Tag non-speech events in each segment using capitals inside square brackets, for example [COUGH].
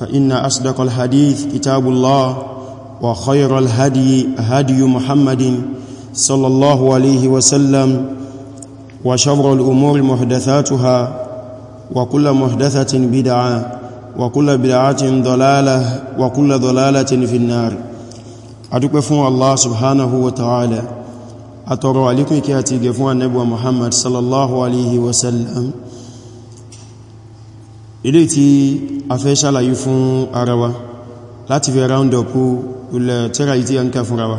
فإن أصدق الحديث كتاب الله وخير الهدي هدي محمد صلى الله عليه وسلم وشر الأمور محدثاتها وكل محدثة بدعة وكل بدعة ضلالة وكل ضلالة في النار أدوكفون الله سبحانه وتعالى أترى عليكم كاتي قفوان نبوة محمد صلى الله عليه وسلم ilé tí a fẹ́ ṣàlàyé fún ara wa láti fẹ́ round up ulẹ̀ tẹ́ra ìtí a ń ká fúnra wa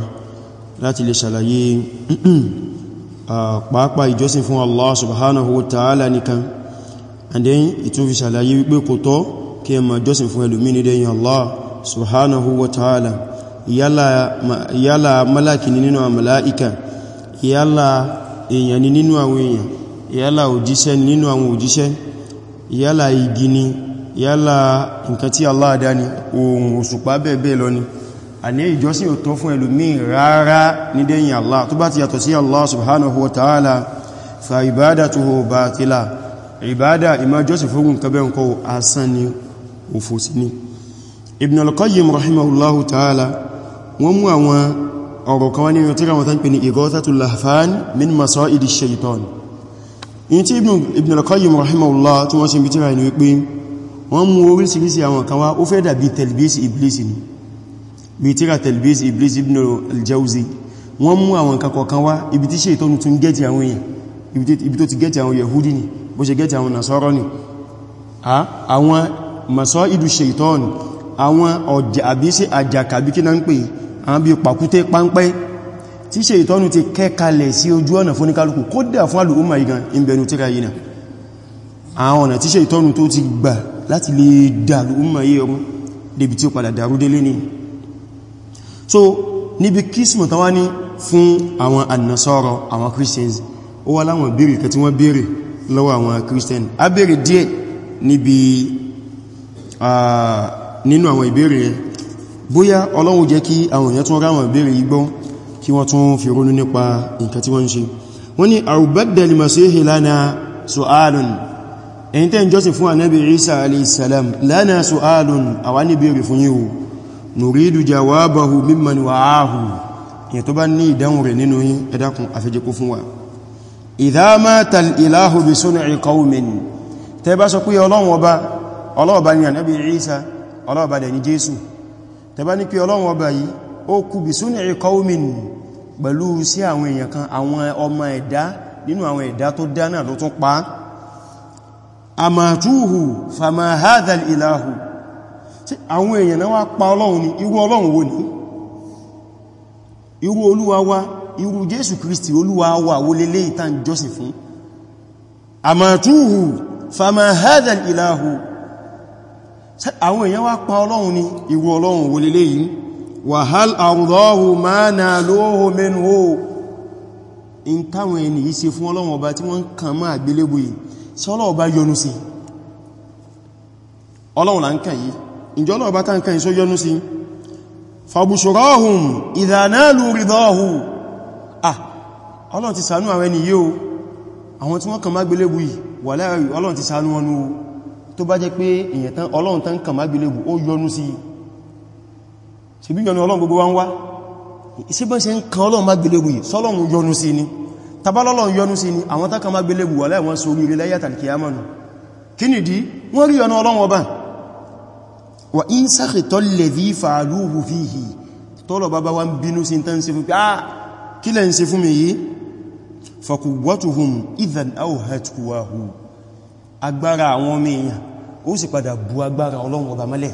láti lè ṣàlàyé [CLEARS THROAT] ah, pàápàá ìjọsìn fún Allah subhanahu wa ta'ala nìkan and then ìtún fi ṣàlàyé wípé kò tọ́ kí ẹ máa jọsìn fún ẹlòmí ní dẹ́yìn Allah subhanahu wa ta'ala yálà malaki ni nínú àmàláìkà yálà èèyàn ni nínú àwọn èèyàn yálà òjíṣẹ́ ni nínú àwọn òjíṣẹ́ yálà igi ni yálà nǹkan tí Allah dá ni ohun òṣùpá bẹ́ẹ̀bẹ́ẹ̀ lọ ni àní ìjọsìn ò tọ́ fún ẹlòmíì rárá ní dẹ́yìn Allah tó bá ti yàtọ̀ sí Allah subhanahu wa ta'ala fa ibadatuhu batila ìbádà ìmá jọsìn fún nǹkan bẹ́ẹ̀ kọ́ asán ni òfò sí ni Ibn al-Qayyim rahimahullahu ta'ala wọ́n mú àwọn ọ̀rọ̀ kan wá nínú tírà wọn tán pè ní Ighathatul Lahfan min masa'idi shaitan in ti Ibn al-Qayyim rahimahullah tí wọ́n ṣe bí tíra ni wípé wọ́n mú orísìírísìí àwọn kan wá ó fẹ́ dàbí tẹ̀lbísì iblisi ni bí tíra tẹ̀lbísì iblisi Ibn al-Jawzi wọ́n mú àwọn kan kọ̀kan wá ibi tí ṣètọ́nù tún gẹ́ẹ̀tì àwọn èèyàn ibi tó ti gẹ́ẹ̀tì àwọn Yahudi ni bó ṣe gẹ́ẹ̀tì àwọn Nasara ni àwọn masọ́ ìdù ṣètọ́nù àwọn ọjà àbí sí àjàkàbí kí na ń pè àwọn bí pàkúté páńpẹ́ tí ṣe ìtọ́nu ti kẹ́kalẹ̀ sí ojú ọ̀nà fún oníkálukú kódà fún alùúmà igan ìbẹ̀nu tí ra yìí àwọn ọ̀nà tí ṣe ìtọ́nu tó ti gbà láti lè dà alùúmà yìí ọmọ débi tí ó padà dàrú délé ní so níbi kísmù tán wá ní christians ó wá láwọn béèrè kẹ tí christian a béèrè díẹ̀ níbi nínú àwọn ìbéèrè yẹn bóyá Ọlọ́run jẹ́ kí àwọn èèyàn tún ráwọn ìbéèrè yìí gbọ́n kí wọ́n tún fi ronú nípa nǹkan tí wọ́n ń ṣe wọ́n ni àrùbẹ́dẹ̀lì masihi lana su'alun ẹ̀yin tẹ́ ń jọ́sìn fún anábi isa alaihissalam lana su'alun a wá ní bèèrè fún yíò nùrídù jawabahu mimman wa'ahu yẹn tó bá ní ìdáhùn rẹ̀ nínú yín ẹ dákun àfẹ́jẹ́kú fún wa idha mata al-ilahu bi sun'i qawmin tẹ́ bá sọ pé ọlọ́run ni anábi isa ó kú bí súnì ìkọ́wòmìn pẹ̀lú sí àwọn èèyàn kan àwọn ọmọ ẹ̀dá nínú àwọn ẹ̀dá tó dá náà ló tún pa àmàtúhù fàmà hadhal ilahu tí àwọn èèyàn náà wá pa ọlọ́run ní irú ọlọ́run wo ní irú olúwa wa irú jésù kristi olúwa wa wo lélé ìtàn jọ́sìn fún àwọn èèyàn wá pa ọlọ́run ní irú ọlọ́run wo yìí wàhál àrùdọ́hù máa na lóòhù mẹ́nu ó in táwọn ẹni yìí ṣe fún ọlọ́wọ̀n ọba tí wọ́n kàn máa gbélébù yìí ṣe ọlọ́wọ̀n ọba yọ́nú sí ọlọ́wọ̀n là ń kàn yìí ìjọ ọlọ́wọ̀n ọba tán kàn yìí só yọ́nú sí fàbùṣọ́rọ́hùn ìdánálù ṣe bí yọnu ọlọ́run gbogbo wa ń wá ìsíbọ́n ṣe ń kan ọlọ́run má gbélébù yìí sọ́lọ́run yọnu sí ni tabalọ́lọ́run yọnu sí ni àwọn tákà má gbélébù wà láì wọ́n sórí ilẹ̀ yàtàl kìyàmánu kí nìdí wọ́n rí yọnu ọlọ́run ọba wà ń sáàkìtọ́ lèdí fàálùhù sí tán sí fún ah, ó sì padà bu agbára ọlọ́run ọba mọ́lẹ̀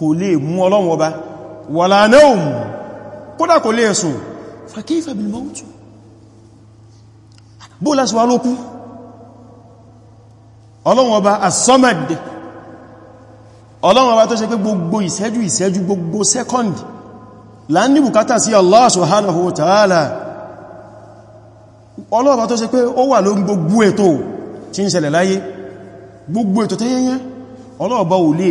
kò lè mú ọlọ́run ọba wala naum kódà kò lè sùn fa kayfa bil maut bó lásì wá lókú ọlọ́run ọba as-samad ọlọ́run ọba tó ṣe pé gbogbo ìṣẹ́jú ìṣẹ́jú gbogbo second la ní bùkátà sí Allah subhanahu wa ta'ala ọlọ́run ń ṣẹlẹ̀ láyé gbogbo ètò tẹ́yẹyẹ ọlọ́run ò lè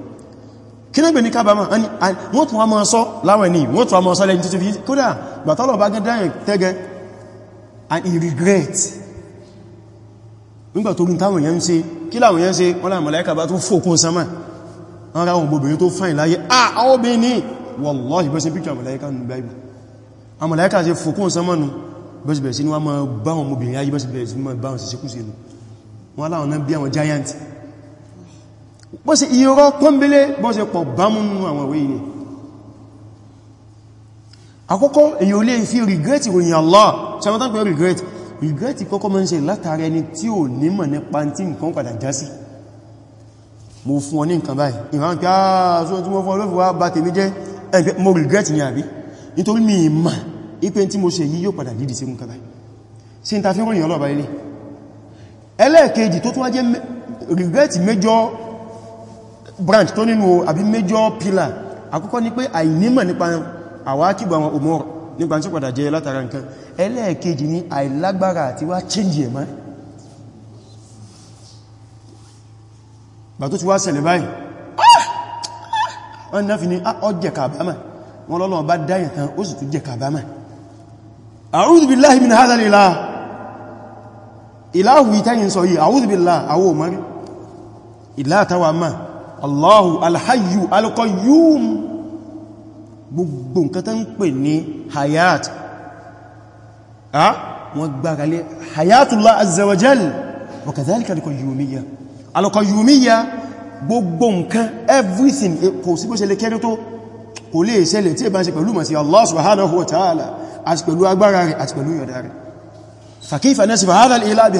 kí náà gbé ní kábàmà wọ́n tún wá mọ́ sọ láwọn ní wọ́n tún wá mọ́ sọ lẹ́yìn títí fi kódà gbàtọ́lọ̀ bá gẹ́dá yẹn tẹ́gẹ́ and he regret nígbà tó gún táwọn yẹn ń ṣe kí láwọn yẹn ṣe wọ́n láwọn mọ̀láíkà bá tún fòkún sánmà wọ́n ra àwọn obìnrin tó fàìn láyé ah obìnrin ní wallahi bẹ́ẹ̀ sí píkà mọ̀láíkà nù báyìí àwọn mọ̀láíkà ṣe fòkún sánmà nù bẹ́ẹ̀ sí wọ́n máa bá àwọn obìnrin ayé bẹ́ẹ̀ sí wọ́n máa bá àwọn sì síkú sí nù wọ́n láwọn náà bí àwọn giant bó ṣe irọ́ pọ́nbélé bó ṣe pọ̀ bámúnú àwọn ìwé ni àkọ́kọ́ èyí ò lè fi regret ìròyìn Allah ṣàmọ́tán pẹ̀lú regret regret kọ́kọ́ mọ́ ń ṣe látàrí ẹni tí ò nímọ̀ nípa tí nǹkan padà já sí mo fún ọ ní nǹkan báyìí ìran ah, pé regret ní àbí nítorí mi mà ipé tí mo ṣe yí yóò padà dìdì sí nǹkan báyìí sí ń regret major branch tó nínú àbí major pillar àkọ́kọ́ ni pé àìnímọ̀ nípa àwákìbọ̀ àwọn òmòrò nípa tí ó padà jẹ látara nǹkan ẹlẹ́ẹ̀kejì ni àìlágbára àti wá change ẹ̀mọ́ bà tó ti wá ṣẹlẹ̀ báyìí wọ́n náà fi ní ọjẹ́ ah, kàbámà wọ́n lọ́lọ́wọ́ bá dáyàn tán ó sì tún jẹ́ kàbámà billahi min hadha ilah ìlàáhù ìtẹ́yìn sọ yìí a'udhu billahi àwọ̀ òmọ́rí ìlàátàwà máa Allahu alhayu alqayyum gbogbo nǹkan tán ń pè ní hayat a wọ́n gbáralé hayatullah azawajal wa kadhalika alqayyumiyya alqayyumiyya gbogbo nǹkan everything e, kò sí bó ṣe lè kéré tó kò lè ṣẹlẹ̀ tí ẹ bá ṣe pẹ̀lú mọ̀ sí Allah subhanahu wa ta'ala àti pẹ̀lú agbára rẹ̀ àti pẹ̀lú yọ̀dá rẹ̀ fa kayfa nasifu hadha al-ilah bi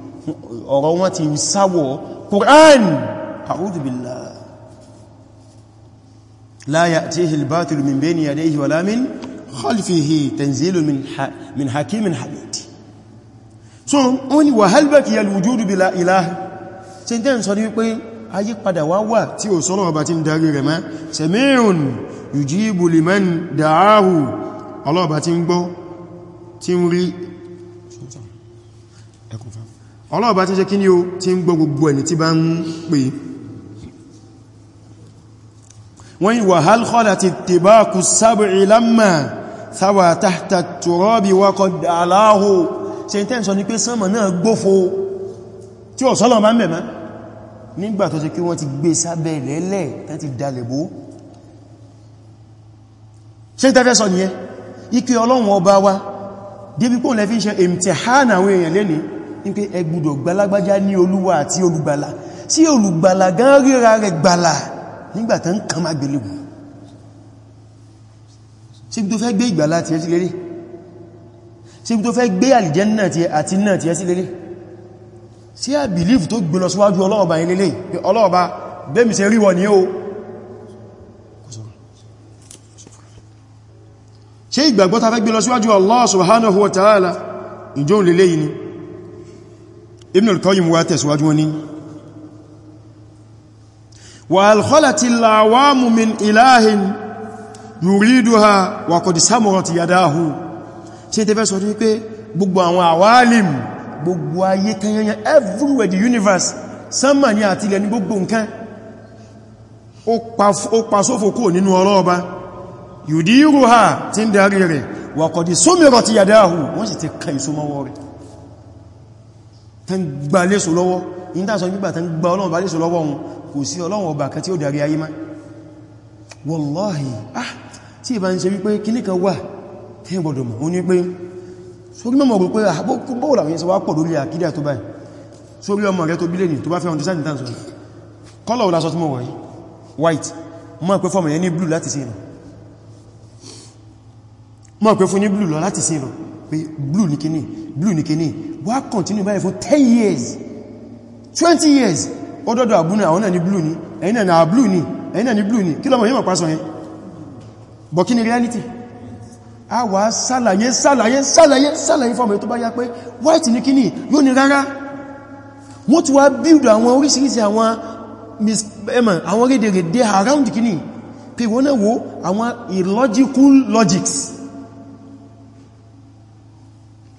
ọ̀rọ̀ wọn ti sáwọ̀ Qur'an a'udhu billah la ya'tihi al-batil min bayni yadayhi wala min khalfihi tanzilun min hakimin hamid so wọ́n ni wa hal baqiya al-wujudu bila ilah ṣe jẹ́ ń sọ ní wípé ayípadà wá wà tí ò sọ́nà ọba tí ń darí rẹ̀ mẹ́ sami'un yujibu liman ọlọ́ọ̀bá tí ń gbọ́ tí ń rí ọlọ́run bá ti ṣe kí ní o tí ń gbọ́ gbogbo ẹni tí bá ń pè wọ́n yí wàhálà kọ́lá ti tèbá kù sábìrì lámà sáwà tàhtà tòrọ́bì wakọ̀ aláhò ṣe ń tẹ́ǹsọ ní pé sánmà náà gbófo tí ò sọ́lọ̀ débí pò lẹ́fí ń ṣe àwọn èèyàn lénìí ní pé ẹ gbọ́dọ̀ gbalagbájá ní olúwa àti olùgbàlà sí olùgbàlà gan ríra rẹ̀ gbàlà nígbàtà ń kàn má gbélébù ṣe bí tó fẹ́ gbé ìgbàlà ti ẹ sí lérè ṣe bí tó fẹ́ gbé àlìjẹ́nà ti àti náà ti ẹ sí lérè sí à bìlífù ìjọ́ lélẹ́yìn ni Ibn al-Qayyim wá tẹ̀síwájú wọn ni wa alkhalati al-awamu min ilahin yuriduha wa qad samurat yadahu ṣe tẹ́fẹ́ sọ ní pé gbogbo àwọn àwálìm gbogbo ayé kanyanyan everywhere the universe sánmà ní àtilẹ̀ ní gbogbo nǹkan ó pa kò nínú ọ̀rọ̀ ọba yudiruha tí ń darí rẹ̀ wa qad sumirat yadahu wọ́n sì ti kan ìsọmọwọ́ rẹ̀ tán gba léṣò lọ́wọ́ yí tàṣọ nígbà tán gba ọlọ́run bá léṣò lọ́wọ́ wọn kò sí ọlọ́run ọba kan tí ó darí ayé má wallahi ah tí ìbá ń ṣe wípé kíní kan wà tí ń gbọdọ̀ mọ̀ ó ní pé sórí mọ́mọ̀ rò pé àbókúbọ́wò ah, làwọn ìṣẹ́wà pọ̀ lórí àkídà tó báyìí sórí ọmọ rẹ tó bílẹ̀ ní tó bá fẹ́ ọdún sáàdì tàǹsọ̀ kọ́lọ̀ wọ́n lásọ tí mọ̀ wọ̀ yìí white mọ́ pé fọ́mọ̀ yẹn ní blue láti sí lọ mọ́ pé fún ní blue lọ láti sí lọ pé blue ní kíní blue ni kini. wá continue báyìí for 10 years 20 years ọdọ́dọ̀ àbúnà àwọn ni ní blue ní ẹ̀yìn náà náà blue ní ẹ̀yìn náà ní blue ní kí lọ́mọ̀ yíò pàṣọ yẹn bọ̀ kí ni reality a wà sálàyé sálàyé sálàyé sálàyé fọ́mọ̀ tó bá yá pé white ní kíní yóò ní rárá wọ́n ti wá build àwọn oríṣiríṣi àwọn miss emma àwọn rédèrèdè around kini. pé wọ́n náà wo àwọn illogical logics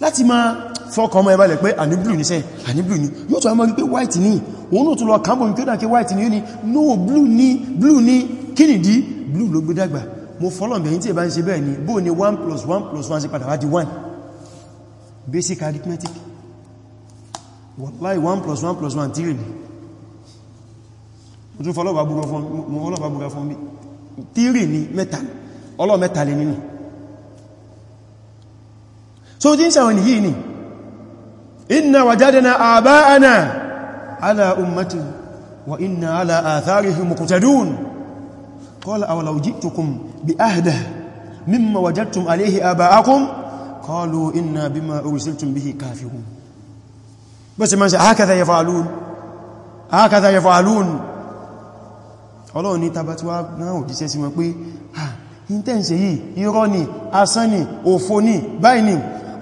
láti máa fọ́kọ̀ ọmọ ẹbálẹ̀ pé àní blue ní sẹ́ àní blue ní yóò tó àmọ́ rí white ní òun náà tó lọ kàmbò ní kí ó dáké white ní ó ní no blue ní blue ní kí ni dí blue ló gbé dàgbà mo fọ́lọ̀m̀bẹ̀ yí tí ẹ bá ni bó plus 1 plus 1 sí padà basic arithmetic wallahi 1 plus 1 plus 1 tí rí ni mo tún fọ́lọ̀bà búra ni mẹ́ta ọlọ́ mẹ́ta lè so tí ń sàwọn yìí ni inna wajadna aba'ana ala ummatin wa inna ala atharihim muqtadun qala aw law ji'tukum bi ahda mimma wajadtum alayhi aba'akum qalu inna bima ursiltum bihi kafirun bas man hakadha yaf'alun hakadha yaf'alun Ọlọ́run ní tàbátí wá náà òjíṣẹ́ sí wọn pé ah intense yìí irọ́ ni asán ni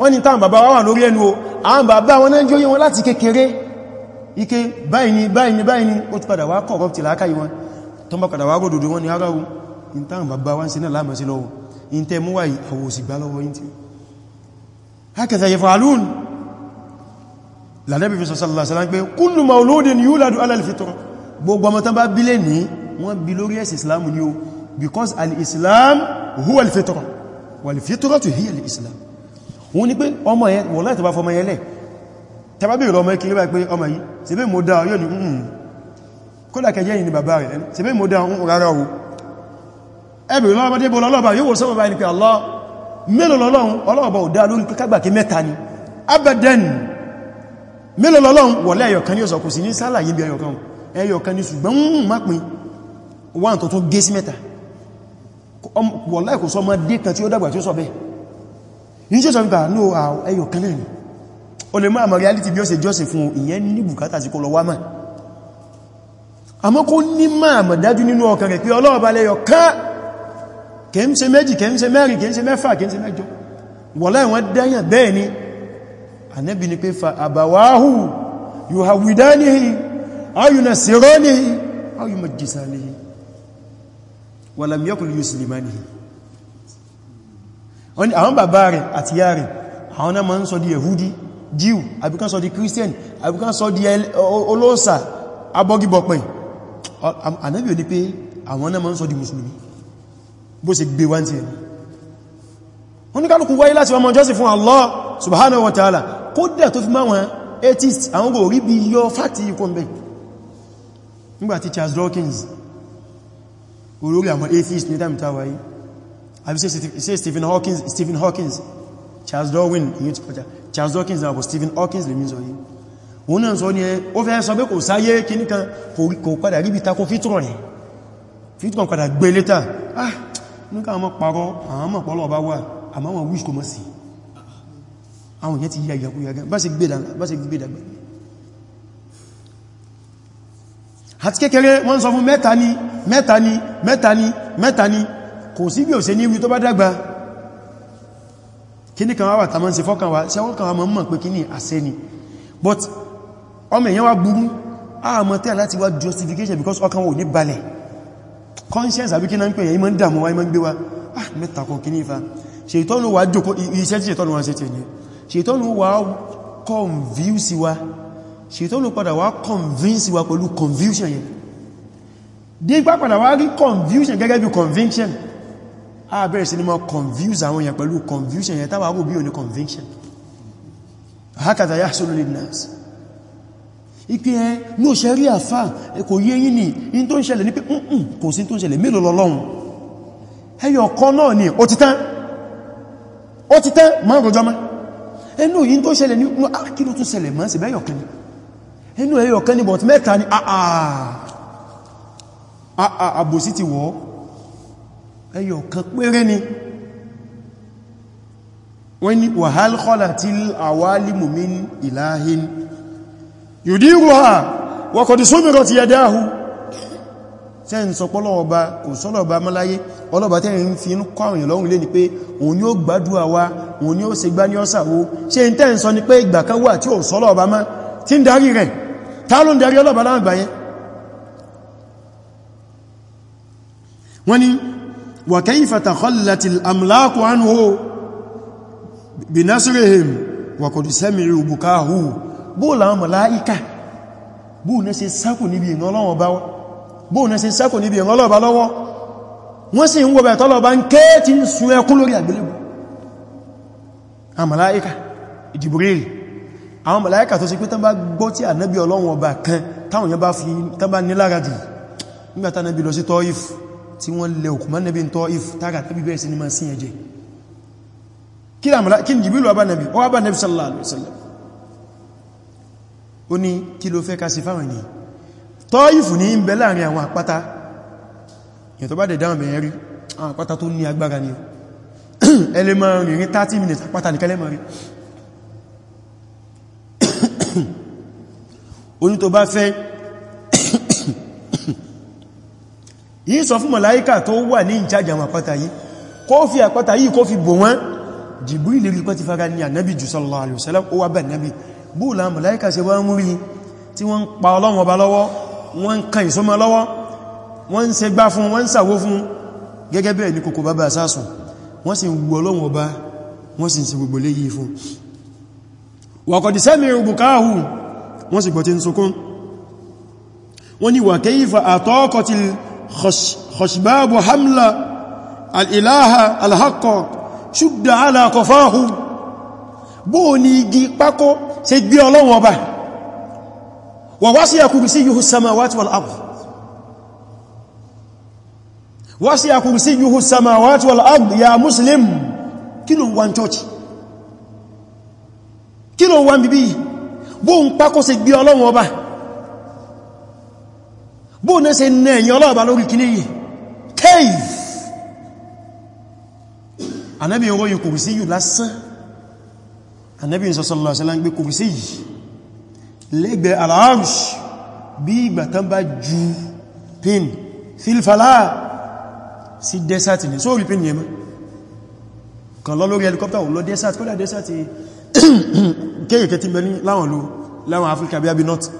wọ́n ni táwọn bàbá wà lórí ẹnu o àwọn bàbá wọn náà jóyí wọn láti kékeré ike báyìí ni báyìí ni báyìí ni ó ti padà wá corrupt láákàyè wọn tó bá padà wá ròdòdó wọn ni ara o in táwọn bàbá wá ń ṣe náà láàmà sí lọ́wọ́ in tẹ́ mú wáyìí àwọ̀ because al-islam huwa al-fitra wal-fitratu hiya al-islam wọ́n ní pé ọmọ yẹn wọ́n láti bá fọmọ yẹn lẹ̀ tàbá bí ìrọmọ ikiri bá pé ọmọ yìí ṣe bí mo dá yóò ní ǹ kódà kẹjẹ́ yìí ni bàbá rẹ̀ ṣe bí mo dá ń mm, rárá o ẹbìrì lọ́wọ́dé bọ́ yóò wò sọ́wọ́ bá ní pé Allah mélòó lọ́lọ́run ọlọ́ọ̀bà ò dá lórí kágbà kí mẹ́ta ni abadan mélòó lọ́lọ́run wọ̀lẹ́ ẹyọkan ní ọ̀sọ̀kù sí ní sálàyé bí ẹyọkan ẹyọkan ní ṣùgbọ́n mm, má pin wọ́n tó tún gé sí mẹ́ta wọ̀lẹ́ kò yìí ṣe sọ nípa ní ẹyọ kan náà ni o lè máa mọ̀ reality bí ó ṣe jọ́sìn fún ìyẹn ní bùkátà sí kó lọ wá máa àmọ́ kó ní máa mọ̀ dájú nínú ọkàn rẹ̀ pé ọlọ́ọ̀bá lẹ́yọ kan kẹ́ ń ṣe méjì kẹ́ ń ṣe mẹ́rin kẹ́ ń ṣe mẹ́fà kẹ́ ń walam yakul yuslimanihi àwọn bàbá rẹ̀ àti yá rẹ̀ àwọn náà ma ń sọ di yehudi jew àbíkán sọ di christian àbíkán sọ di olóòsà abọ́gibọ̀pẹ̀ ànábì ò ní pé àwọn náà ma ń sọ di musulmi bó ṣe gbé wáńtí ẹ̀ wọ́n ní kálùkù wáyé láti ọmọ jọ́sìn fún Allah subhanahu wa ta'ala kódẹ̀ tó fi máwọn atheist àwọn kò rí bí yọ fàtí ikú ń bẹ̀ nígbàtí Charles Dawkins olórí àwọn atheist ní tàbí tàwàá yìí àbí ṣe Stephen Hawking Stephen Hawking Charles Darwin ìyẹn ti kọjá Charles Hawking náà uh, bọ̀ Stephen Hawking lè mí sọ yìí òun náà sọ ní ẹ ó fẹ́ sọ pé kò sáyé kíní kan kò padà rí bí takó fítùrọ̀ rẹ̀ fítùrọ̀ padà gbé létà ah nígbà àwọn parọ́ àwọn mọ̀ pọ́lọ̀ bá wà àmọ́ wọn wíṣ kò mọ́ sí àwọn èèyàn ti yíya ìyàkúyà gan bá ṣe gbé dàgbà àti kékeré wọ́n sọ fún mẹ́ta ni mẹ́ta ni mẹ́ta ni mẹ́ta ni kò sí bí ò ṣe ní wí tó bá dàgbà kíní kan wà tàmà sí fọ́kàn wà sẹ́wọ́n kan wà mọ́ mọ̀ pé kíní àṣẹ ni but ọmọ èyàn wá burú àmọ́ tẹ́ láti wá justification because ọkàn wò ní balẹ̀ conscience àbí kíná ń pè èyàn mọ́ ń dàmú wá mọ́ ń gbé wá ah mẹ́ta kan kíní fa ṣètọ́nù wà jòkó iṣẹ́ tí ṣètọ́nù wà ṣètẹ̀ ní ṣètọ́nù wà convince wa ṣètọ́nù padà wà convince wa pẹ̀lú confusion yẹn dígbà padà wà rí confusion gẹ́gẹ́ bí conviction a bẹ̀rẹ̀ sí ni mọ́ confuse àwọn èèyàn pẹ̀lú confusion yẹn táwà rò bí o ní conviction hakata ya solo lè nas ipe ẹ ní ò ṣe rí àfá kò yé yí ni in tó ń ṣẹlẹ̀ ní pé ǹkan kò sí tó ń ṣẹlẹ̀ mélòó lọ́lọ́run ẹyọ ni ó ti tán ó ti tán máa rọjọ́ má ẹnu yí tó ṣẹlẹ̀ ní ah, kí ló tún ṣẹlẹ̀ máa sì bẹ́yọ̀ kan ní ẹnu ẹyọ kan ní bọ̀t mẹ́ta ah, ah, ẹyọ kan péré ni wọ́n ni wahal khalatil awalimu min ilahin yudiruha wa qad sumirat yadahu tẹ́ ń sọ pọ́lọ̀ ọba kò sọ́lọ̀ ọba mọ́láyé ọlọ́ba tẹ́ ń fi ń kọ́ àwọn ìlọ́run lé ní pé òun ni ó gbádùá wa òun ni ó ṣe gbá ní ọ́sàwó ṣe ń tẹ́ ń sọ ní pé ìgbà kan wà tí ò sọ́lọ̀ ọba mọ́ tí ń darí rẹ̀ ta ló ń darí ọlọ́ba láàgbáyé wọ́n ni وكيف تخلت الأملاك عنه بنصرهم وقد سمعوا بكاه بولا ملائكة bóò náà ṣe sákò níbi ìrànlọ́wọ́ bá wọ́n bóò náà ṣe sákò níbi ìrànlọ́wọ́ bá lọ́wọ́ wọ́n sì ń wọ́bẹ̀ tọ́lọ bá ń ké tí ń sun ẹkún lórí àgbélébù àwọn màláíkà ìjìbìrìrì àwọn màláíkà tó sì tí wọ́n lè òkú mọ́ nẹ́bí tọ́ if tága tàbí bẹ́ẹ̀ sí ní máa sí ẹjẹ́ kí lámàlá kí ní jìbìlù ọba nẹ́bí ọba nẹ́bí sallallahu alaihi wasallam ó ní kí ló fẹ́ ká sí fáwọn ènìyàn tọ́ if ní ń bẹ láàrin àwọn 30 [CLEARS THROAT] minutes àpáta nìkẹ́lẹ́ máa rí [CLEARS THROAT] ó ní yìí sọ fún màláíkà tó wà ní ìjájà àwọn àpáta yìí kó fi àpáta yìí kó fi bò wọ́n jìbú ìlérí pẹ́ ti fara ní ànábì jù sallallahu alaihi wasallam ó wá bẹ̀ nábì búùlà màláíkà ṣe wọ́n mú rí tí wọ́n ń pa ọlọ́wọ́n ọba lọ́wọ́ wọ́n ń kan ìsọ́mọ́ lọ́wọ́ wọ́n ń ṣe gbá fún wọ́n ń sàwó fún خشباب حملة الإله الحق شد على قفاهم bó ní igi pákó ṣe gbé ọlọ́run ọba wà wá sí àkùrù sí yíò samawati wal ard wá sí àkùrù sí yíò samawati wal ard ya muslim kí ló wà ní chọ́ọ̀chì kí ló wà ní bíbí bó ń pákó ṣe gbé ọlọ́run ọba bó ní ṣe ní ẹ̀yìn ọlọ́ọ̀bá lórí kí ní yìí cave anábi oróyìn kùrìsí yìí lásán anábi sọ́sọ́lọ́ ṣe láńgbé kùrìsí yìí lẹ́gbẹ̀ẹ́ aláàrùs bí ìgbà tán bá ju pin filfala sí desert ní sórí pin yẹmọ́ kan lọ lórí helicopter lọ desert kódà desert kéèkẹ́ ti mẹ́rin láwọn lọ láwọn Africa bí i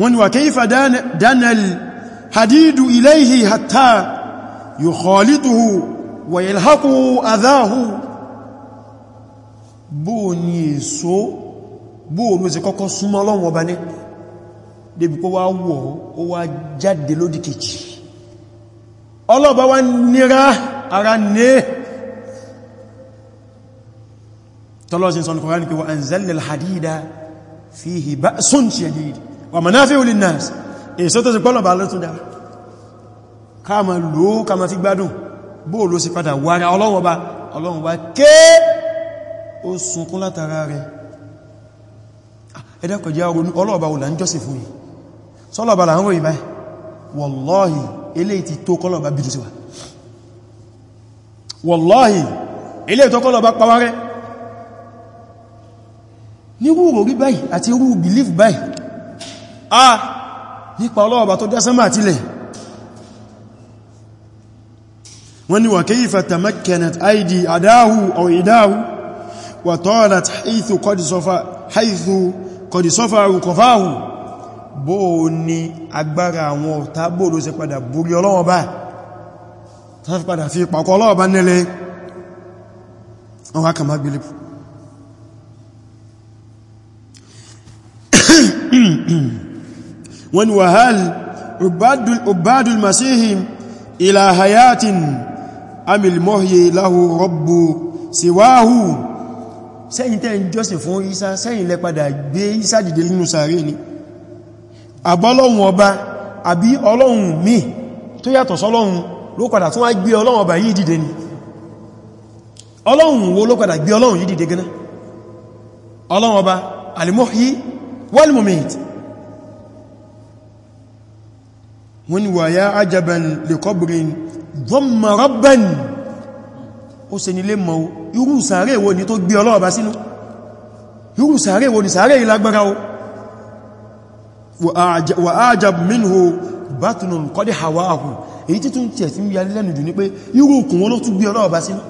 wọ́n ni wà kayfa dánàl hadidu ilayhi hatta yukhalituhu wa yalhaquhu adhahu bó ní èso bó ló ṣe kọ́kọ́ súnmọ́ Ọlọ́run ọba ní débi kó wá wọ́ ó wá jáde lódìkejì ọlọ́ọ̀bá wá nira ara ní tọ́lọ́sí sọ nìkan ní pé wa anzalna al-hadida fihi ba'sun shadid wa manafi'u lin-nas èso tó sì pọ́lọ̀ bá lọ́tún dá ká ma lò ó ká ma fi gbádùn bó ló sì padà wà rẹ̀ Ọlọ́run Ọba Ọlọ́run Ọba ké ó sunkún látara rẹ̀ ẹ̀dẹ́kọ̀jẹ́ Ọlọ́run Ọba ti tó kọ́lọ̀bà sí wa wallahi eléyìí tó kọ́lọ̀bà nírú òrí báyìí àti irú belief báyìí a nípa ọlọ́ọ̀bà tó dá sánmà àtílẹ̀ wọ́n ni wa kayfa tamakkanat aidi adáhù aw ìdáhù wa talat haythu qad safaru kọfáhù bó ní agbára àwọn ọ̀tá bóòlò ṣe padà borí ọlọ́ọ̀bá tán fi wọ́n wà hal ubadul masihim ila hayatin amil mohye lahu rabbu siwahu sẹ́yìn tẹ́ ń jọ́sìn fún isa sẹ́yìn lẹ padà gbé isa dìde nínú sàárè ni àbọ́lọ́hun ọba àbí ọlọ́hun mi tó yàtọ̀ sọ́lọ́hun ló padà tún wá gbé ọlọ́hun ọba yìí dìde ni ọlọ́hun wo ló padà gbé ọlọ́hun yìí dìde gẹ́nà ọlọ́hun ọba alimuhyi wal mumit wọ́n ni wà yá ajaban li qabrin dhamma rabban ó se nílé mọ́ irú sàárè wo ni tó gbé ọlọ́ọ̀bá sínú irú sàárè wo ni sàárè ìlágbára o wà ajab minhu batunun qad hawahu èyí tí tún tẹ̀ sí ń yarí lẹ́nu jù ní pé irú okùn wọn ló tún gbé ọlọ́ọ̀bá sínú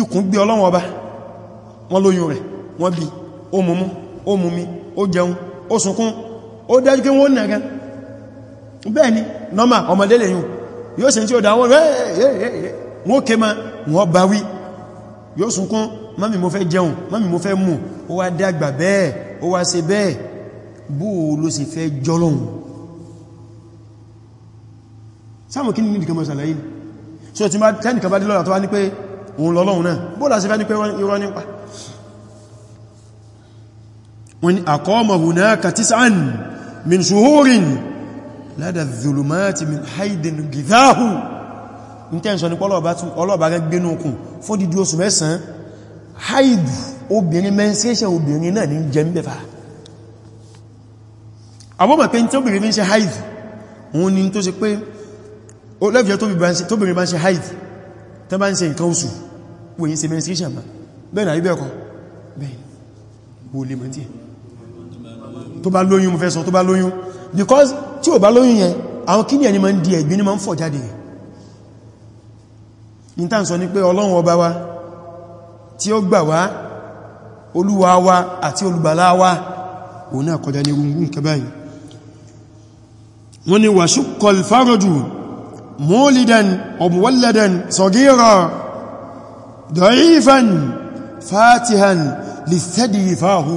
ikùn gbé ọlọ́wọ̀n ọba wọ́n lóyún rẹ̀ wọ́n bí i ó mumú ó mumi ó jẹun ó sunkún ó dájú pé wọ́n nàgan bẹ́ẹ̀ ni normal ọmọdé lè yùn yóò ṣe tí ó dáwọn wọ́n ké ma wọ́n bá wí yóò sunkún mami mo fẹ́ jẹun mami mo fẹ́ mú ó wá dàgbà bẹ́ẹ̀ ó wá ṣe bẹ́ẹ̀ bó ló sì fẹ́ jọlọ́hun sáàmù kí ní ìdíkà mọ́sàlá yìí so tí ma tẹ́nìkà bá dé lọ́la tó wá ní pé òun lọ́lọ́hun náà bó lásìfẹ́ ní pé irọ́ nípa wọ́n àkọ́ọ̀mọ̀ hunaka tis'an min shuhurin ládà zulumati min haidin githahu ní tẹ́ǹsọ́ ní ọlọ́ọ̀bá rẹ̀ gbénú okùn fún dídí oṣù mẹ́sàn haidu obìnrin menstruation obìnrin náà ní jẹ mẹ́fà abọ́mọ̀ pé tí obìnrin fi ń ṣe haidu wọn ni tó ṣe pé olẹ́fẹ́ tóbìnrin bá ṣe haidu tó bá lóyún mo fẹ́ sọ tó bá lóyún because tí ò bá lóyún yẹn àwọn kíní ẹni ma ń di ẹ̀gbin ni ma ń fọ̀ jáde ní tàn sọ ní pé ọlọ́run ọba wa tí ó gbà wá olúwa wa àti olùgbàlá wa òun náà kọjá ní gungun kẹbáyìí wọ́n ni wàṣúkọl fárọjù mọ́lìdàn ọmọwọ́lẹ̀dàn sọ̀gírọ̀ dọ̀ífàn fàtíhàn lè sẹ́dìí fáhù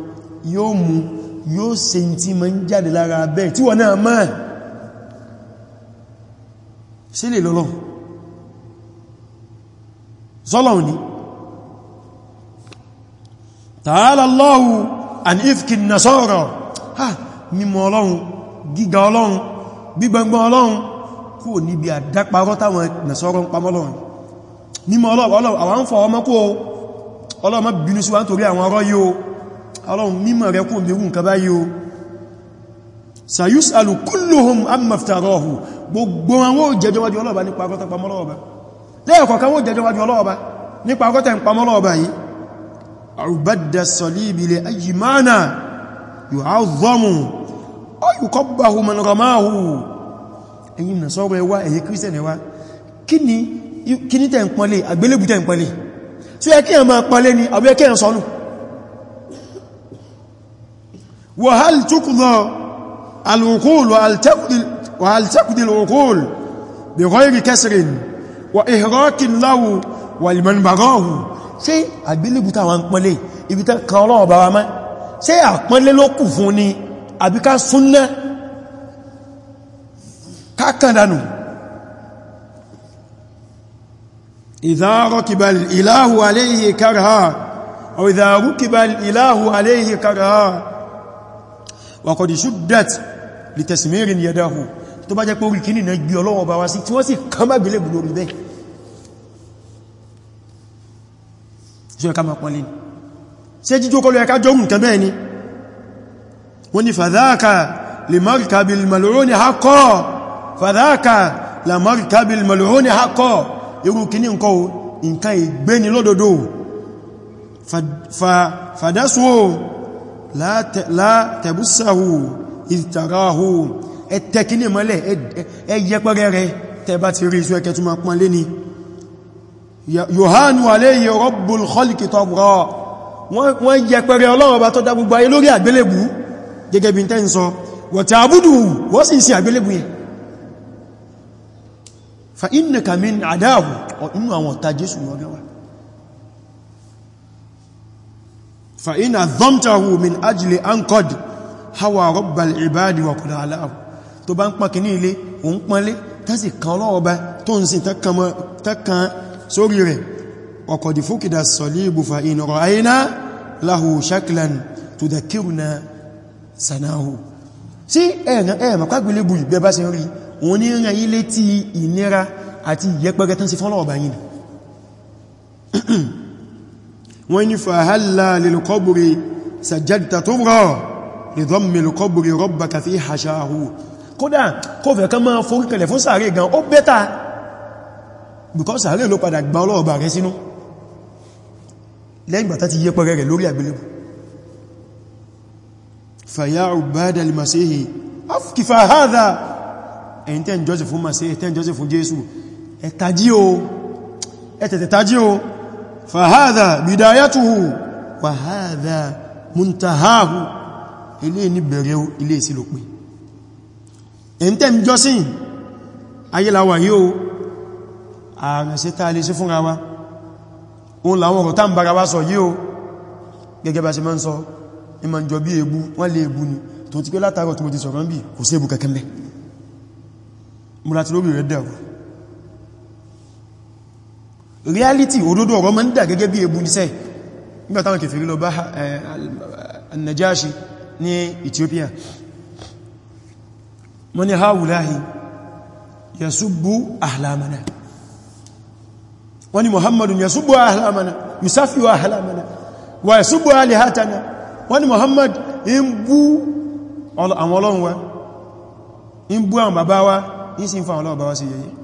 yóò mú yóò ṣe tí ma ń jáde lára abẹ́ tí wọ́n náà máa ṣe lè lọ́lọ́ sọ́lọ̀ ní ta'ala Allahu an ifki nasara ha mímọ̀ ọlọ́run gíga ọlọ́run gbígbọ̀ngbọ̀n ọlọ́run kò níbi àdáparọ́ táwọn nasara ń pamọ́ ọlọ́run mímọ̀ ọlọ́run àwọn ń fọ ọmọ kó ọlọ́run ọlọ́run mímọ̀ rẹ kún bí irú nǹkan báyìí o sayusalu kulluhum amma iftarahu gbogbo àwọn òjẹjọ́ wájú ọlọ́ọ̀bá nípa akọ́ta pamọ́lọ́ọ̀bá lẹ́ẹ̀kọ̀ọ̀kan wọ́n òjẹjọ́ wájú ọlọ́ọ̀bá nípa akọ́ta pamọ́lọ́ọ̀bá yìí àrùbádà sọlíbi lè yóò وهل تقضى العقول وهل تقضي وهل تقضي العقول بغير كسر واهراك له ولمن بغاه ṣé àgbélébù tá wà ń pọ́nlé ibi tán kan ọlọ́wọ̀ bá wa mọ́ ṣé àpọ́nlé wa mo لو كو فون ني ابي كان àbí ká súnná kákàndánù إذا ركب الإله عليه كرها أو إذا ركب الإله عليه كرها wa qad shuddat li tasmirin yadahu tó bá jẹ́ pé orí kìíní náà gbí ọlọ́wọ́ bá wá sí tí wọ́n sì kán má gbélébù lórí bẹ́ ṣe ọ̀ká ma pọ́nlé ṣe jíjó kọlu ẹ̀ká jọmù kẹ bẹ́ẹ̀ ni wọ́n ni fàdáàkà lè markabil mal'uni la tẹ̀búsàwò ìtàráhù ẹ̀tẹ́kíní mọ́lẹ̀ ẹ̀yẹpẹ̀rẹ̀ rẹ̀ tẹba ti rí iṣu ẹkẹ tó ma pọ́n lé ni yohanu aléyẹ rọ́bùl kọlìkì tọ́bùrọ̀ wọ́n yẹpẹ̀rẹ̀ ọlọ́run ọba tó dá gbogbo ayé lórí àgbélébù gẹ́gẹ́ bí tẹ́ ń sọ wọ̀tẹ̀ àbúdù wọ́n sì sí àgbélébù yẹn fa innaka min adáhù inú àwọn ọ̀tá jésù ní ọgẹ́wàá فإن أظمته من أجل أن قد هوى رب العباد وقد علاه tó bá ń pọn kìní ilé òun pọnlé tásì kan lọ́ọ̀bá tó ń sin takkan sórí rẹ̀ ọkọ̀dì fókìdá sọ̀lébù fa in ra'ayna lahu shaklan tudhakkiruna sanahu sí ẹ̀rẹ̀ ẹ̀mà pàgbélé bù ìgbẹ́ bá sí rí òun ní rẹ̀ ilé tí wọ́n ní fàhálà lèlùkọ́bùrì sàjẹ́dìtà tó rọ̀ lèdọ́mì lèlùkọ́bùrì rọ́bà kàfí hàṣáhù kódà kó fẹ́ kán máa fórúkẹlẹ̀ fún sàárè gan ó bẹ́ta because sàárè ló padà gba ọlọ́ọ̀bà rẹ sínú lẹ́yìn bàtà ti o فهذا بدايته وهذا منتهاه ilé ní bẹ̀rẹ̀ o ilé sí ló pé ẹ̀yìn tẹ́ ń jọ́sìn ayéláwà yóò ààrẹ sí tàà lè sí fúnra wa oun làwọn ọ̀rọ̀ tá ń bára wá sọ yíò gẹ́gẹ́ bá ṣe máa ń sọ ìmọ̀ jọ bí èébú wọ́n lè èébú ni tó ti pé látàrọ̀ tó ti sọ̀rọ̀ ń bí kò sí èébú kẹ́kẹ́ mẹ́ mú láti lórí rẹ̀ dẹ̀rù reality òdodo ọ̀rọ̀ ma ń dà gẹ́gẹ́ bí ebu níṣẹ́ nígbàtàwọn kèfèrí lọ bá Najashi ní Ethiopia wọ́n ni haulahi yasubbu ahlamana wọ́n ni Muhammadun yasubbu ahlamana yusafiyu ahlamana wa yasubbu alihatana wọ́n Muhammad in bú àwọn ọlọ́run wa in bú àwọn bàbá wa in sin fa àwọn ọlọ́run bàbá sí yẹ̀yẹ̀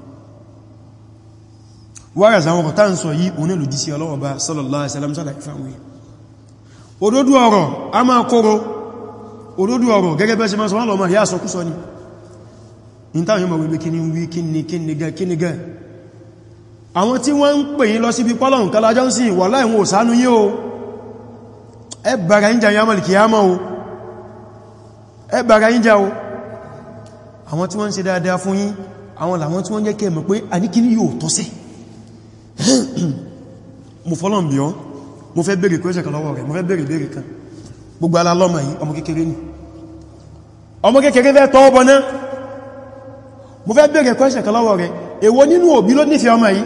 wára àwọn ọ̀rọ̀ tán sọ yìí onílù jísí ọlọ́wọ́ bá sallallahu alaihi wasallam sọ́dá ìfàwé òdodo ọ̀rọ̀ a máa kóró òdodo ọ̀rọ̀ gẹ́gẹ́ bẹ́ ṣe máa sọ́wọ́n lọ́mọ ìyá ni in táwọn yóò mọ̀ wípé kí ni wí kí ni kí ni gẹ́ kí ni gẹ́ àwọn tí wọ́n ń pè yín lọ síbi pọ́lọ̀n kalájọ́ sí wà láìwọ̀n òsánú yí o ẹ bàrà àwọn tí wọ́n ń ṣe dáadáa fún yín àwọn làwọn tí wọ́n jẹ́ kẹ́ mọ̀ pé àníkí ni yóò tọ́sí [COUGHS] mo fọ́lọ̀n bí wọ́n mo fẹ́ bèèrè kó ẹ̀ṣẹ̀kan lọ́wọ́ rẹ̀ mo fẹ́ bèèrè bèèrè kan gbogbo alálọ́mà yìí ọmọ kékeré ni ọmọ kékeré fẹ́ tọ́ ọbọ náà mo fẹ́ bèèrè kó ẹ̀ṣẹ̀kan lọ́wọ́ rẹ̀ èwo nínú òbí ló nífẹ̀ẹ́ ọmọ yìí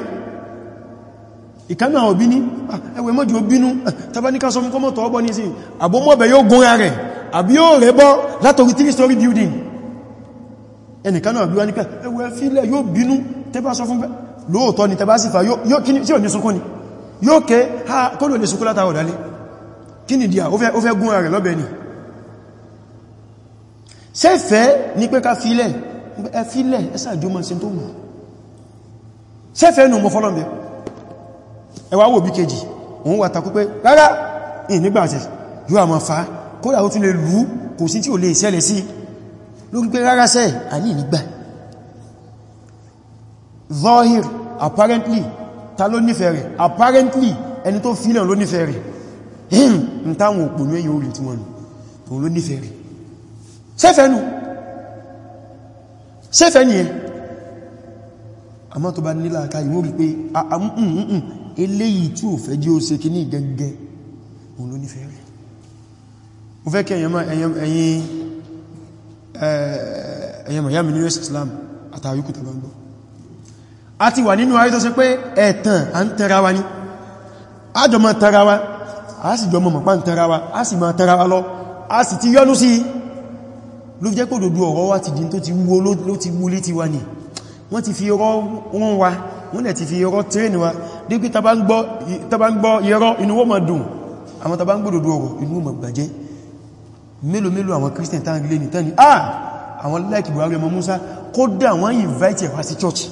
ìkánà òbí ní ah, ẹwẹ̀ mọ́jú obínú [LAUGHS] tàbáníká sọ fún kọmọ̀ tọ́ ọbọ ní sí àbómọ́bẹ̀ story building ẹnìkanà àbíwá nípa ẹwẹ̀ fílẹ̀ yóò bínú tẹ́bá sọ fún bẹ́ẹ̀ lóòtọ́ ni tẹbá sífà yóò kí tí ò ní sunkún ni yóò kẹ́ ha kọ́lù lè sunkún látàrà ọ̀dálé kí ni díà ó fẹ́ gún ààrẹ lọ́bẹ̀ ni sẹ́fẹ́ ní pé ká fílẹ̀ ẹfílẹ̀ ẹsàdíọ́mọ̀ sí tó wù sẹ́fẹ́ nù mọ́ fọ́lọ́m̀bẹ̀ ẹwà wò bí kejì òun wà takú pé rárá ìnígbàtẹ̀ yóò àmọ́ fa kódà ó tún lè lú kò sí tí ò lè sẹ́lẹ̀ sí lórí pé rárá sẹ́ àní ìnígbà zahir apparently ta ló nífẹ̀ẹ́ rẹ̀ apparently ẹni tó fílẹ̀ ló nífẹ̀ẹ́ rẹ̀ hìn hmm, n táwọn òpònú èyí orí tí wọ́n nù tó ló nífẹ̀ẹ́ rẹ̀ sẹ́fẹ́ nù sẹ́fẹ́ a ẹ àmọ́ tó bá nílá àkáyì mú rí pé mm, mm, mm, eléyìí tí ò fẹ́ jí ó ṣe kíní gẹ́gẹ́ òun ló nífẹ̀ẹ́ rẹ̀ mo fẹ́ kí ẹ̀yẹ̀mọ̀ yàmì ní us islam àtàríkù tàbí gbọ́ a ti wà nínú ayé tó ṣe pé ẹ̀tàn à ń tẹ́ra wa ní àjọ ma tẹ́ra wa a sì jọ mọ̀ pa ń tẹ́ra wa a sì ma tẹ́ra wa lọ a sì ti yọ́nú sí ló jẹ́ kó dòdó ọ̀rọ̀ wa ti dín tó ti wúwo ló ti wú létí wa ní wọ́n ti fi ọ̀rọ̀ wọn wa wọ́n lẹ̀ ti fi ọ̀rọ̀ tírẹ̀nì wa dípé tàbá ń gbọ́ yẹrọ inú wọ́n ma dùn àwọn tàbá ń gbọ́ dòdó ah àwọn láìkì Buhari ọmọ Musa invite ẹ̀ wá sí church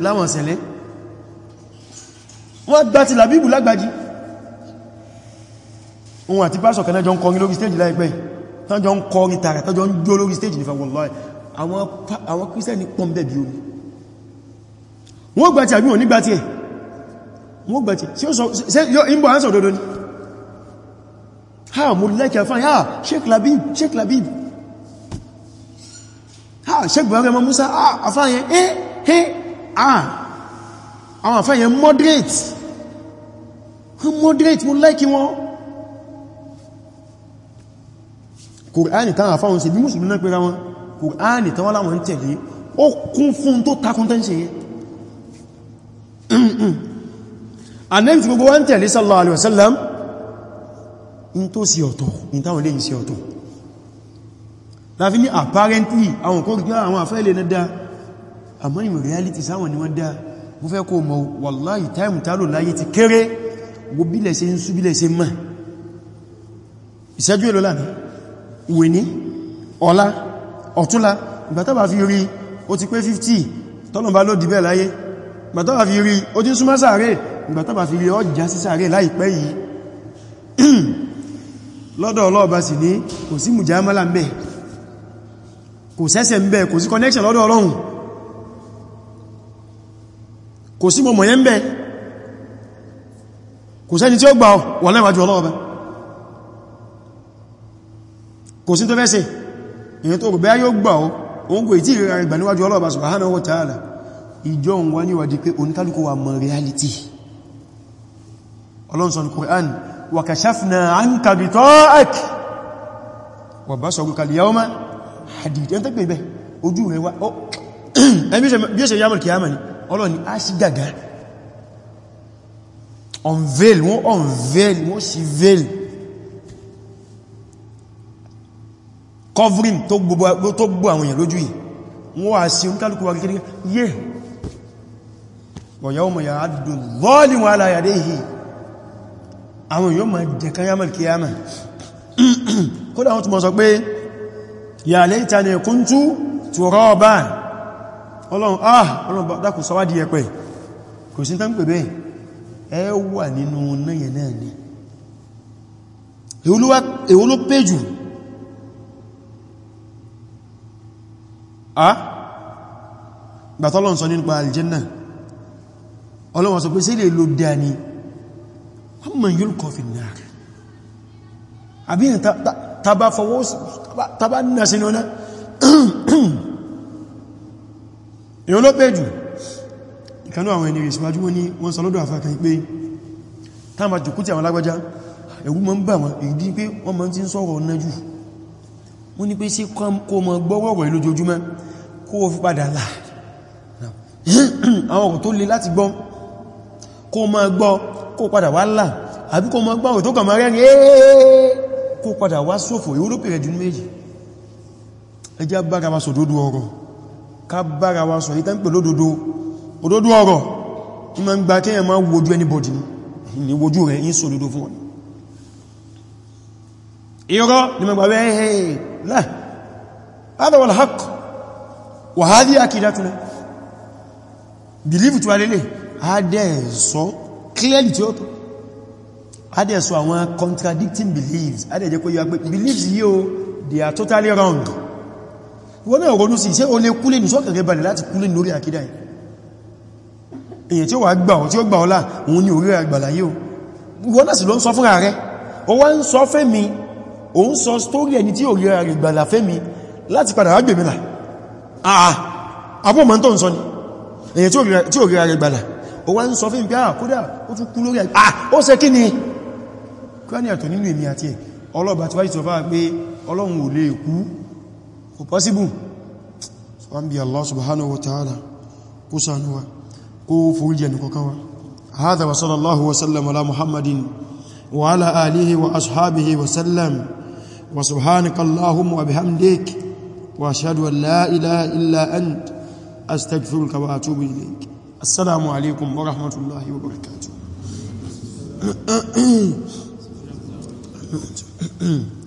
láwọn ṣẹlẹ̀ wọ́n gbá ti làbíbù lágbàjí ohun àti pásọ̀ kanáà jọ ń kọrin lórí stage láìpẹ́ tán jọ ń kọrin tààrà tán jọ ń jó lórí stage nífà wallahi àwọn kírísẹ́ni pọ́n bẹ̀ bí omi wọ́n gbá ti àbí wọn nígbà tí ẹ̀ wọ́n gbá ti ṣe ìbò ánsọ̀ dodo ni ha mo lẹ́kẹ̀ fáyí ha Sheikh Labib Sheikh Labib ha Sheikh Buhari ọmọ Ah, ha afáyẹn eh hé àà ah, àwọn àfẹ́yẹ moderate moderate mú lẹ́kí wọn kùránì táwọn àfáwọn sí bí mùsùlùmí náà pẹ́ra wọn kùránì táwọn láwọn tẹ̀lé ó kún fún tó takuntẹ́ ṣe anẹ́bì [CLEARS THROAT] tí gbogbo wọ́n tẹ̀lé sallallahu alaihi wasallam in tó sí ọ̀tọ̀ in táwọn lè yìí sí ọ̀tọ̀ láfi ní apparently àwọn kọ́gbẹ́ àwọn àfẹ́ ilẹ̀ náà dáa àmọ́ in reality sáwọn ni wọ́n dá mú fẹ́ kó mọ̀ wàláyì táìmù tálò láyé ti kéré wo bílẹ̀ ṣe ń súbílẹ̀ ṣe mọ̀ ìṣẹ́jú èlò láàrin ìwé ní ọ̀la ọ̀túnla ìgbàtàbà fi rí ó ti pé 50 tọ́lọ̀mbá ló dìbẹ̀ láyé ìgbàtàbà fi rí ó ti súnmọ́ sàárè ìgbàtàbà fi rí ọjà sí sàárè láìpẹ́ yìí [CLEARS THROAT] lọ́dọ̀ ọlọ́ọ̀bá sì ní kò sí mùjámálà ń bẹ̀ kò sẹ́sẹ̀ ń bẹ̀ kò sí connection lọ́dọ̀ ọlọ́run kò sí mọ̀mọ̀ yẹn bẹ́ kò sẹ́ni tí ó gbà wà lẹ́wàájú ọlọ́ọ̀bá kò sí tó fẹ́ sí èyàn tó gbẹ́ yóò gbà ó oúnkò ìtí ìrìnà ìgbà níwájú ọlọ́ọ̀bá subhanahu wa ta'ala ìjọ wa níwàdí pé oníkálùkù wa mọ̀ reality ọlọ́nsọ̀n Qur'an wa kashafna anka ghita'ak wa basaruka al-yawma hadid ẹni tó pè bẹ́ ojú rẹ̀ wá [CLEARS THROAT] bí ó ṣe yàmùl kìyàmà ni Ọlọ́run ni a sì gàgá unveil wọ́n unveil wọ́n sì veil covering tó gbogbo àwọn èèyàn lójú yìí wọ́n wà sí oníkálùkù wa kékeré yẹ́ ọ̀yá ọmọ yàá dùn lọ́ọ̀lì wọn aláyàdé yìí àwọn èèyàn ma jẹ̀kan yàmà kíyàmà [CLEARS THROAT] kódà sọ pé yà lẹ́ta ní kúntù tùrọ́ọ̀bá ọlọ́run ah ọlọ́run dákùn sọwádìí ẹ̀pẹ̀ kò sí tán pè bẹ́ẹ̀ ẹ wà nínú náyẹ̀ náà ni èwo ló pé jù ah gbàtọ́lọ́n sọ nípa aljanna ọlọ́run sọ pé sí lè lo dáa ni wọ́n mọ̀ yóò kọfì náà àbí tàbá fọwọ́ tàbá náà sínú náà ìwọ́n ló pé jù ìkanú àwọn ènìyàn ìsìwájú wọ́n ní wọ́n sọ lọ́dọ̀ àfáà kan pé táà ma jùkú tí àwọn lágbàjá ẹ̀rù ma ń bà wọn èdí pé wọ́n ma ti ń sọ̀rọ̀ ọ̀nà jù wọ́n ní pé sí kó mọ gbọ́wọ̀rọ̀ lójoojúmọ́ kó wọ́n fi padà là àwọn ọ̀rọ̀ tó le láti gbọ́ kó ma gbọ́ kó padà wá là àbí kó ma gbọ́ ọ̀rọ̀ tó kàn máa rẹ́rin kó padà wá sófò ìwúlópẹ̀rẹ̀ jù méjì ẹjá bára wa sòdódó ọ̀rọ̀ ká bára wa sọ ìtàn pẹ̀lú òdodo òdodo ọ̀rọ̀ ní ma ń gba kí ẹ̀mọ́ wojú anybody ni wojú rẹ̀ yí sọ òdodo fún wọn irọ́ ni ma gba rẹ̀ ẹ̀ẹ́ believe tí wà clearly tí ó tó àwọn contradicting beliefs adẹ́ẹ̀jẹ́ kó yíwa pé beliefs yíò they are totally wrong wọ́n náà ronú sí ṣe o lè kúlé ní sọ́kẹ̀rẹ̀ balẹ̀ láti kúlé lórí àkídà yìí èyàn tí ó wà gbà ọ̀ tí ó gbà ọlá òun ni orí àgbàlá yìí wọ́n náà sì lọ ń sọ fún ààrẹ o wá ń sọ fẹ́ mi o ń sọ stórí ẹni tí orí àgbàlá fẹ́ mi láti padà wá gbèmìlà àà abúmọ̀ tó ń sọ ni èyàn tí orí àgbàlá o wá ń sọ fẹ́ mi pé àkódà ni kí wá ní àtọ̀ nínú èmi àti ẹ̀ ọlọ́run ò lè kú kò possible so an bi Allah subhanahu wa ta'ala kó sanuwa kó fòríjẹ ní kọkawa hadha wa sallallahu wa sallam ala muhammadin wa ala alihi wa ashabihi wa sallam wa subhanaka allahumma wa bihamdik wa ashhadu an la ilaha illa ant astaghfiruka wa atubu ilayk assalamu alaikum wa rahmatullahi wa barakatuh